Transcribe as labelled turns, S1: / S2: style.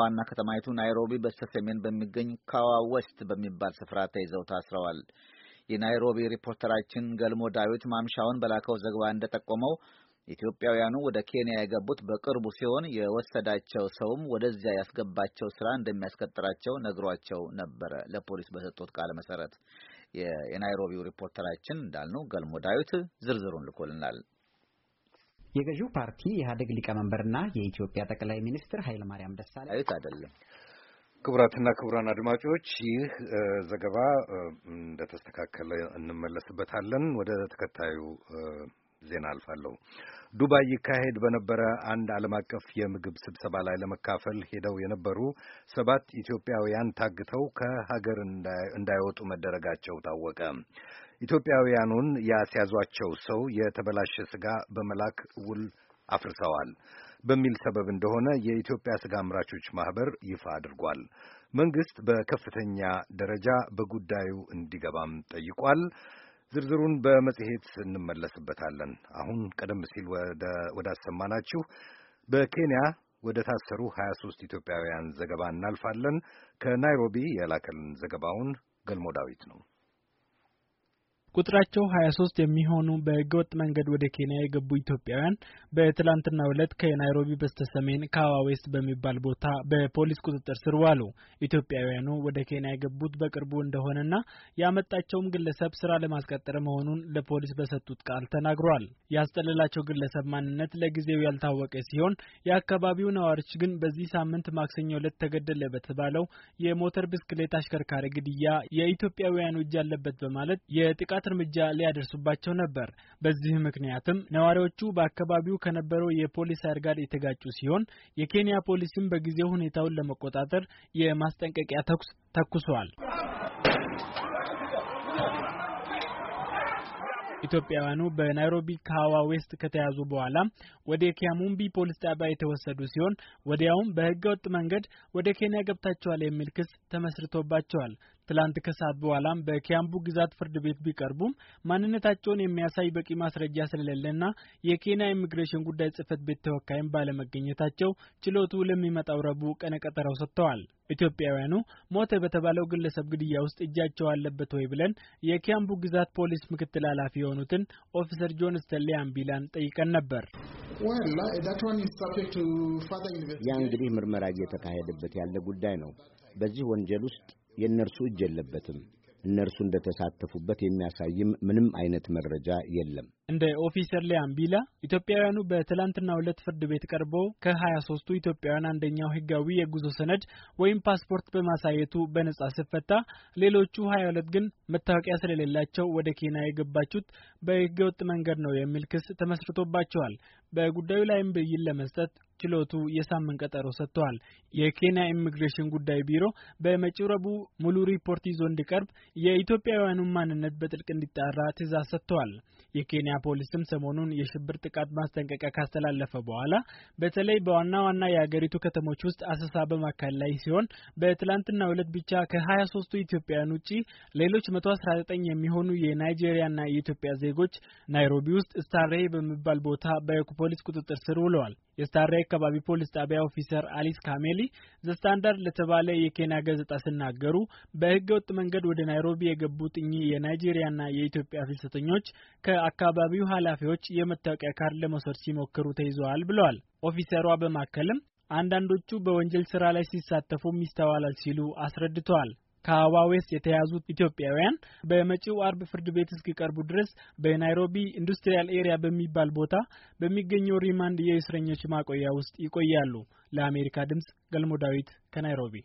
S1: ዋና ከተማይቱ ናይሮቢ በስተሰሜን በሚገኝ ካዋ ወስት በሚባል ስፍራ ተይዘው ታስረዋል። የናይሮቢ ሪፖርተራችን ገልሞ ዳዊት ማምሻውን በላከው ዘገባ እንደጠቆመው ኢትዮጵያውያኑ ወደ ኬንያ የገቡት በቅርቡ ሲሆን የወሰዳቸው ሰውም ወደዚያ ያስገባቸው ስራ እንደሚያስቀጥራቸው ነግሯቸው ነበረ። ለፖሊስ በሰጡት ቃለ መሰረት የናይሮቢው ሪፖርተራችን እንዳልነው ገልሞ ዳዊት ዝርዝሩን ልኮልናል። የገዢው ፓርቲ የኢህአዴግ ሊቀመንበርና የኢትዮጵያ ጠቅላይ ሚኒስትር ኃይለማርያም ደሳለኝ
S2: አይት አይደለም። ክቡራትና ክቡራን አድማጮች ይህ ዘገባ እንደተስተካከለ እንመለስበታለን። ወደ ተከታዩ ዜና አልፋለሁ። ዱባይ ይካሄድ በነበረ አንድ ዓለም አቀፍ የምግብ ስብሰባ ላይ ለመካፈል ሄደው የነበሩ ሰባት ኢትዮጵያውያን ታግተው ከሀገር እንዳይወጡ መደረጋቸው ታወቀ። ኢትዮጵያውያኑን ያስያዟቸው ሰው የተበላሸ ስጋ በመላክ ውል አፍርሰዋል በሚል ሰበብ እንደሆነ የኢትዮጵያ ስጋ አምራቾች ማህበር ይፋ አድርጓል። መንግስት በከፍተኛ ደረጃ በጉዳዩ እንዲገባም ጠይቋል። ዝርዝሩን በመጽሔት እንመለስበታለን። አሁን ቀደም ሲል ወዳሰማናችሁ በኬንያ ወደ ታሰሩ 23 ኢትዮጵያውያን ዘገባ እናልፋለን። ከናይሮቢ የላከልን ዘገባውን ገልሞ ዳዊት ነው።
S1: ቁጥራቸው 23 የሚሆኑ በህገወጥ መንገድ ወደ ኬንያ የገቡ ኢትዮጵያውያን በትላንትና ዕለት ከናይሮቢ በስተሰሜን ካዋ ዌስት በሚባል ቦታ በፖሊስ ቁጥጥር ስር ዋሉ። ኢትዮጵያውያኑ ወደ ኬንያ የገቡት በቅርቡ እንደሆነና ያመጣቸውም ግለሰብ ስራ ለማስቀጠር መሆኑን ለፖሊስ በሰጡት ቃል ተናግሯል። ያስጠለላቸው ግለሰብ ማንነት ለጊዜው ያልታወቀ ሲሆን የአካባቢው ነዋሪዎች ግን በዚህ ሳምንት ማክሰኞ ዕለት ተገደለ በተባለው የሞተር ብስክሌት አሽከርካሪ ግድያ የኢትዮጵያውያኑ እጅ አለበት በማለት የጥቃት የማጥቃት እርምጃ ሊያደርሱባቸው ነበር። በዚህ ምክንያትም ነዋሪዎቹ በአካባቢው ከነበረው የፖሊስ ኃይል ጋር የተጋጩ ሲሆን የኬንያ ፖሊስም በጊዜው ሁኔታውን ለመቆጣጠር የማስጠንቀቂያ ተኩስ ተኩሷል። ኢትዮጵያውያኑ በናይሮቢ ካዋ ዌስት ከተያዙ በኋላ ወደ ኪያሙምቢ ፖሊስ ጣቢያ የተወሰዱ ሲሆን ወዲያውም በህገወጥ መንገድ ወደ ኬንያ ገብታቸዋል የሚል ክስ ተመስርቶባቸዋል። ትላንት ከሰዓት በኋላም በኪያምቡ ግዛት ፍርድ ቤት ቢቀርቡም ማንነታቸውን የሚያሳይ በቂ ማስረጃ ስለሌለና የኬንያ ኢሚግሬሽን ጉዳይ ጽህፈት ቤት ተወካይም ባለመገኘታቸው ችሎቱ ለሚመጣው ረቡዕ ቀነ ቀጠረው ሰጥተዋል። ኢትዮጵያውያኑ ሞተ በተባለው ግለሰብ ግድያ ውስጥ እጃቸው አለበት ወይ ብለን የኪያምቡ ግዛት ፖሊስ ምክትል ኃላፊ የሆኑትን ኦፊሰር ጆን ስተሌ አምቢላን ጠይቀን
S2: ነበር። ያ እንግዲህ ምርመራ እየተካሄደበት ያለ ጉዳይ ነው። በዚህ ወንጀል ውስጥ የእነርሱ እጅ የለበትም። እነርሱ እንደተሳተፉበት የሚያሳይም ምንም አይነት መረጃ የለም።
S1: እንደ ኦፊሰር ቢላ ኢትዮጵያውያኑ በትላንትና ሁለት ፍርድ ቤት ቀርበው ከ 23 ኢትዮጵያውያን አንደኛው ህጋዊ የጉዞ ሰነድ ወይም ፓስፖርት በማሳየቱ በነጻ ስፈታ ሌሎቹ 22 ግን መታወቂያ ስለሌላቸው ወደ ኬንያ የገባችሁት በህገወጥ ወጥ መንገድ ነው የሚል ክስ ተመስርቶባቸዋል። በጉዳዩ ላይም ብይን ለመስጠት ችሎቱ የሳምንት ቀጠሮ ሰጥተዋል። የኬንያ ኢሚግሬሽን ጉዳይ ቢሮ በመጪው ረቡዕ ሙሉ ሪፖርት ይዞ እንዲቀርብ የኢትዮጵያውያኑን ማንነት በጥልቅ እንዲጣራ ትዕዛዝ ሰጥተዋል። የኬንያ ፖሊስም ሰሞኑን የሽብር ጥቃት ማስጠንቀቂያ ካስተላለፈ በኋላ በተለይ በዋና ዋና የአገሪቱ ከተሞች ውስጥ አሰሳ በማካከል ላይ ሲሆን በትላንትና ዕለት ብቻ ከ23ቱ ኢትዮጵያውያን ውጪ ሌሎች 119 የሚሆኑ የናይጄሪያና የኢትዮጵያ ዜጎች ናይሮቢ ውስጥ ስታሬ በሚባል ቦታ በኩ በፖሊስ ቁጥጥር ስር ውለዋል። የስታሬ አካባቢ ፖሊስ ጣቢያ ኦፊሰር አሊስ ካሜሊ ዘስታንዳርድ ለተባለ የኬንያ ጋዜጣ ሲናገሩ በህገ ወጥ መንገድ ወደ ናይሮቢ የገቡት እኚህ የናይጄሪያና የኢትዮጵያ ፍልሰተኞች ከአካባቢው ኃላፊዎች የመታወቂያ ካርድ ለመውሰድ ሲሞክሩ ተይዘዋል ብለዋል። ኦፊሰሯ በማከልም አንዳንዶቹ በወንጀል ስራ ላይ ሲሳተፉ ይስተዋላል ሲሉ አስረድተዋል። ከአበባ ዌስት የተያዙት ኢትዮጵያውያን በመጪው አርብ ፍርድ ቤት እስኪቀርቡ ድረስ በናይሮቢ ኢንዱስትሪያል ኤሪያ በሚባል ቦታ በሚገኘው ሪማንድ የእስረኞች ማቆያ ውስጥ ይቆያሉ። ለአሜሪካ ድምጽ ገልሞ ዳዊት ከናይሮቢ